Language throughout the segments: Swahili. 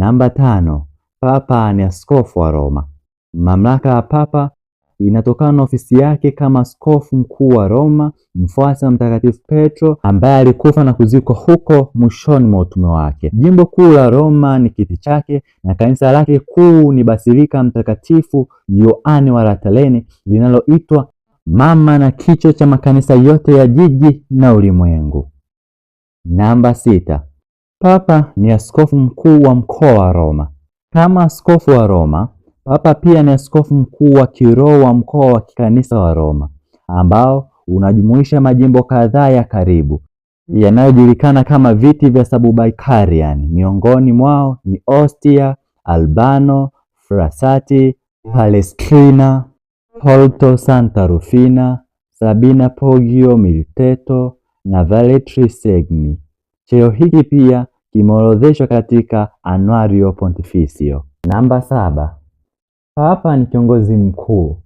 Namba tano, papa ni askofu wa Roma. Mamlaka ya papa inatokana na ofisi yake kama askofu mkuu wa Roma, mfuasi wa Mtakatifu Petro ambaye alikufa na kuzikwa huko mwishoni mwa utume wake. Jimbo kuu la Roma ni kiti chake na kanisa lake kuu ni Basilika Mtakatifu Yohane wa Lateleni linaloitwa mama na kichwa cha makanisa yote ya jiji na ulimwengu. Namba sita, Papa ni askofu mkuu wa mkoa wa Roma. Kama askofu wa Roma, papa pia ni askofu mkuu wa kiroho wa mkoa wa kikanisa wa Roma ambao unajumuisha majimbo kadhaa ya karibu yanayojulikana kama viti vya Suburbicarian. Miongoni mwao ni Ostia, Albano, frasati Palestrina, Porto Santa Rufina, Sabina, Poggio Milteto na Velletri Segni. Cheo hiki pia kimeorodheshwa katika Annuario Pontificio. Namba saba. Papa ni kiongozi mkuu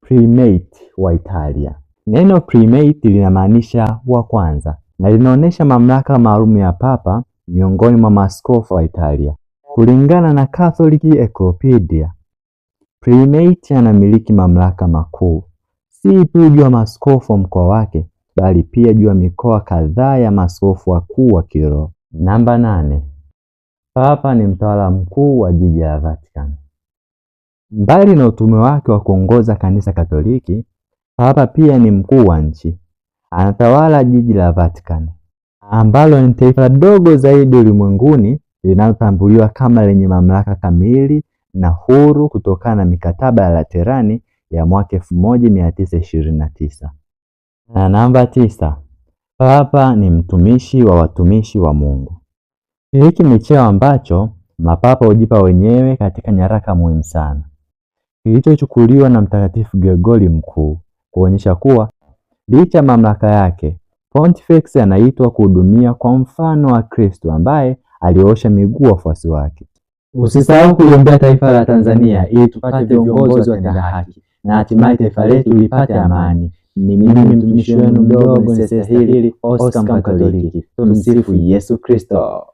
primate wa Italia. Neno primate linamaanisha wa kwanza na linaonyesha mamlaka maalum ya papa miongoni mwa maaskofu wa Italia. Kulingana na Catholic Encyclopedia, primate anamiliki mamlaka makuu si tu juu ya maaskofu mkoa wake, bali pia juu ya mikoa kadhaa ya maaskofu wakuu wa kiroho. Namba nane. Papa ni mtawala mkuu wa jiji la Vatican. Mbali na utume wake wa kuongoza kanisa Katoliki, Papa pia ni mkuu wa nchi. Anatawala jiji la Vatican ambalo ni taifa dogo zaidi ulimwenguni linalotambuliwa kama lenye mamlaka kamili na huru kutokana na mikataba ya Laterani ya mwaka 1929. Na namba tisa, papa ni mtumishi wa watumishi wa Mungu. Hiki ni cheo ambacho mapapa hujipa wenyewe katika nyaraka muhimu sana, kilichochukuliwa na Mtakatifu Gregori Mkuu kuonyesha kuwa licha mamlaka yake, Pontifex anaitwa kuhudumia kwa mfano wa Kristo ambaye aliosha miguu wafuasi wake. Usisahau kuliombea taifa la Tanzania ili tupate viongozi wenye haki na hatimaye taifa letu lipate amani. Ni mimi mtumishi wenu mdogo nisiyestahili, Oscar Mkatoliki. Tumsifu Yesu Kristo.